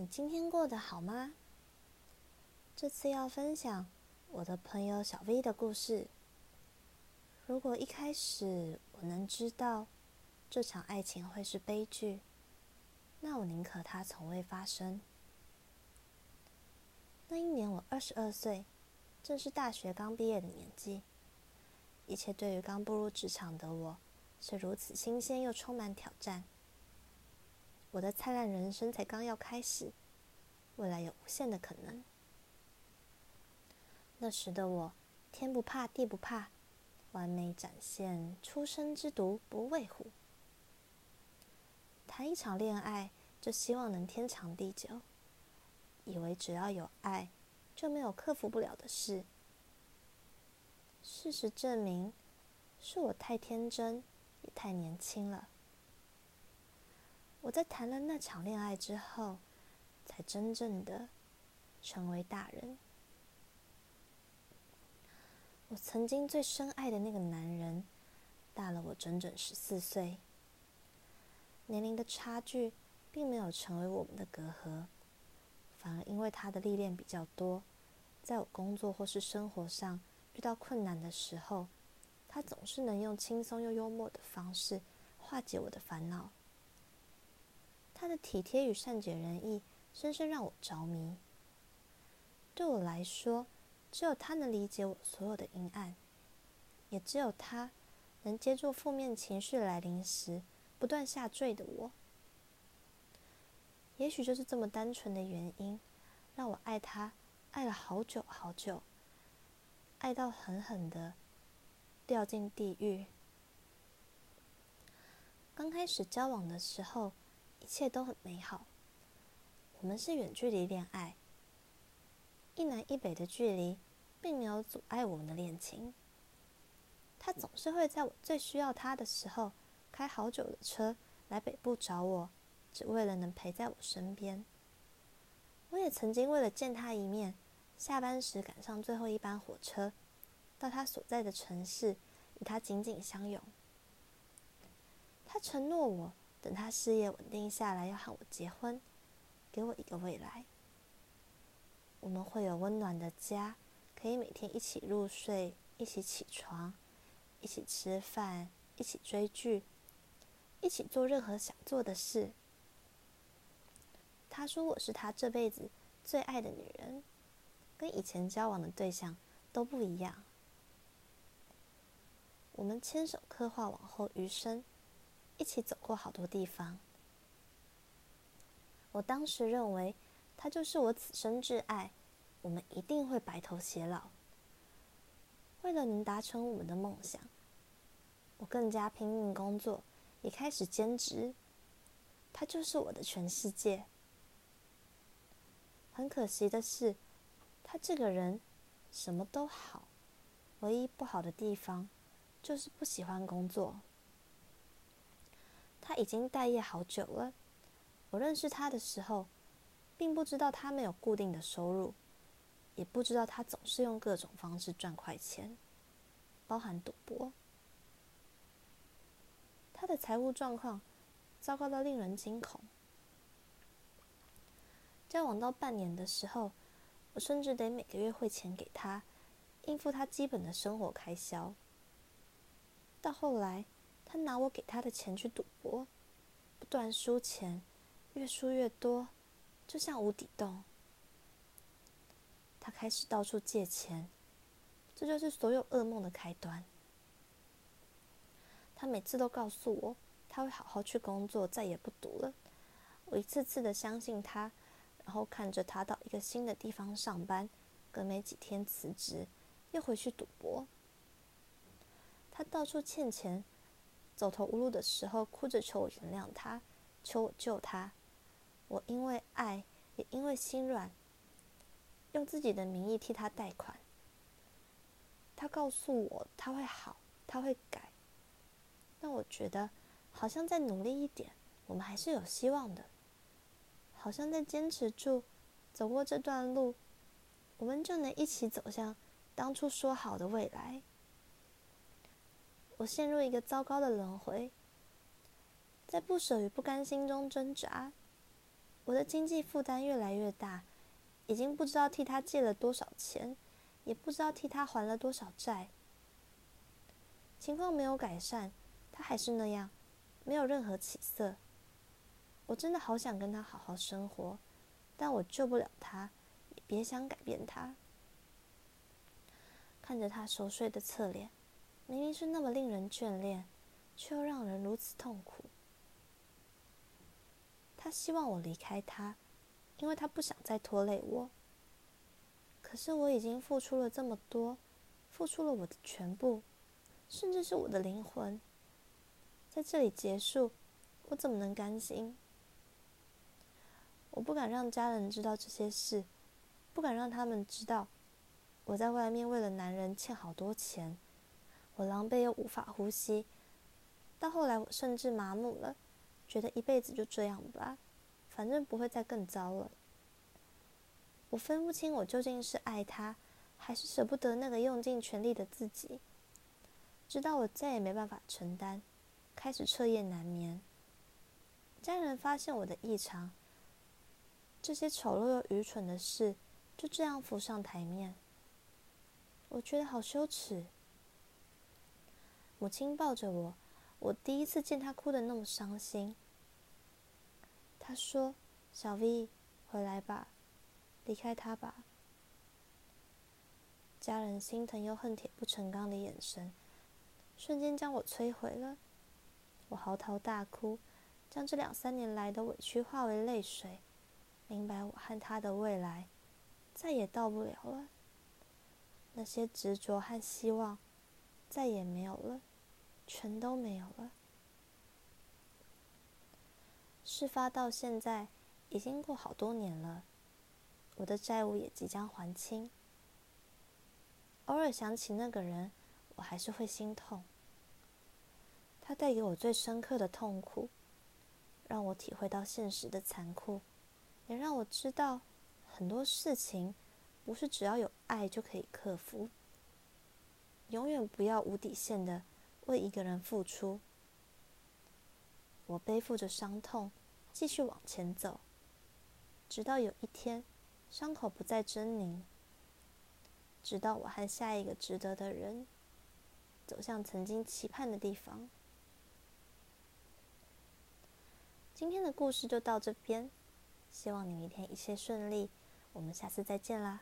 你今天過得好嗎？這次要分享我的朋友小 V 的故事。如果一開始我能知道這場愛情會是悲劇，那我寧可它從未發生。那一年我二十二歲，正是大學剛畢業的年紀，一切對於剛步入職場的我是如此新鮮又充滿挑戰。我的燦爛人生才剛要開始，未來有無限的可能。那時的我，天不怕地不怕，完美展現“初生之犢不畏虎”。談一場戀愛就希望能天長地久，以為只要有愛，就沒有克服不了的事。事實證明，是我太天真，也太年輕了。我在談了那場戀愛之後，才真正的成為大人。我曾經最深愛的那個男人，大了我整整十四歲。年齡的差距並沒有成為我們的隔閡，反而因為他的歷練比較多，在我工作或是生活上遇到困難的時候，他總是能用輕鬆又幽默的方式化解我的煩惱。體貼與善解人意，深深讓我着迷。對我來說，只有他能理解我所有的陰暗，也只有他能接住負面情緒來臨時不斷下墜的我。也許就是這麼單純的原因，讓我愛他，愛了好久好久，愛到狠狠地掉進地獄。剛開始交往的時候，一切都很美好。我們是遠距離戀愛，一南一北的距離，並沒有阻礙我們的戀情。他總是會在我最需要他的時候，開好久的車來北部找我，只為了能陪在我身邊。我也曾經為了見他一面，下班時趕上最後一班火車，到他所在的城市，與他緊緊相擁。他承諾我。等他事業穩定下來，要和我結婚，給我一個未來。我們會有溫暖的家，可以每天一起入睡，一起起床，一起吃飯，一起追劇，一起做任何想做的事。他說我是他這輩子最愛的女人，跟以前交往的對象都不一樣。我們牽手刻畫往後餘生。一起走過好多地方。我當時認為，他就是我此生摯愛，我們一定會白頭偕老。為了能達成我們的夢想，我更加拼命工作，也開始兼職。他就是我的全世界。很可惜的是，他這個人什麼都好，唯一不好的地方就是不喜歡工作。他已經待業好久了。我認識他的時候，並不知道他沒有固定的收入，也不知道他總是用各種方式賺快錢，包含賭博。他的財務狀況糟糕到令人驚恐。交往到半年的時候，我甚至得每個月匯錢給他，應付他基本的生活開銷。到後來，他拿我給他的錢去賭博，不斷輸錢，越輸越多，就像無底洞。他開始到處借錢，這就是所有噩夢的開端。他每次都告訴我，他會好好去工作，再也不賭了。我一次次的相信他，然後看着他到一個新的地方上班，隔沒幾天辭職，又回去賭博。他到處欠錢。走投無路的時候，哭着求我原諒他，求我救他。我因為愛，也因為心軟，用自己的名義替他貸款。他告訴我他會好，他會改。但我覺得，好像再努力一點，我們還是有希望的。好像再堅持住，走過這段路，我們就能一起走向當初說好的未來。我陷入一個糟糕的輪迴，在不舍與不甘心中掙扎。我的經濟負擔越來越大，已經不知道替他借了多少錢，也不知道替他還了多少債。情況沒有改善，他還是那樣，沒有任何起色。我真的好想跟他好好生活，但我救不了他，也別想改變他。看着他熟睡的側臉。明明是那麼令人眷戀，卻又讓人如此痛苦。他希望我離開他，因為他不想再拖累我。可是我已經付出了這麼多，付出了我的全部，甚至是我的靈魂，在這裡結束，我怎麼能甘心？我不敢讓家人知道這些事，不敢讓他們知道我在外面為了男人欠好多錢。我狼狽又無法呼吸，到後來我甚至麻木了，覺得一輩子就這樣吧，反正不會再更糟了。我分不清我究竟是愛他，還是舍不得那個用盡全力的自己。直到我再也沒辦法承擔，開始徹夜難眠。家人發現我的異常，這些醜陋又愚蠢的事就這樣浮上台面。我覺得好羞恥。母親抱着我，我第一次見她哭得那麼傷心。他說：“小 V，回來吧，離開他吧。”家人心疼又恨鐵不成鋼的眼神，瞬間將我摧毀了。我嚎啕大哭，將這兩三年來的委屈化為淚水，明白我和他的未來，再也到不了了。那些執着和希望。再也沒有了，全都沒有了。事發到現在，已經過好多年了，我的債務也即將還清。偶爾想起那個人，我還是會心痛。他帶給我最深刻的痛苦，讓我體會到現實的殘酷，也讓我知道很多事情不是只要有愛就可以克服。永遠不要無底線的為一個人付出。我背負着傷痛，繼續往前走，直到有一天，傷口不再猙獰。直到我和下一個值得的人，走向曾經期盼的地方。今天的故事就到這邊，希望你明天一切順利，我們下次再見啦。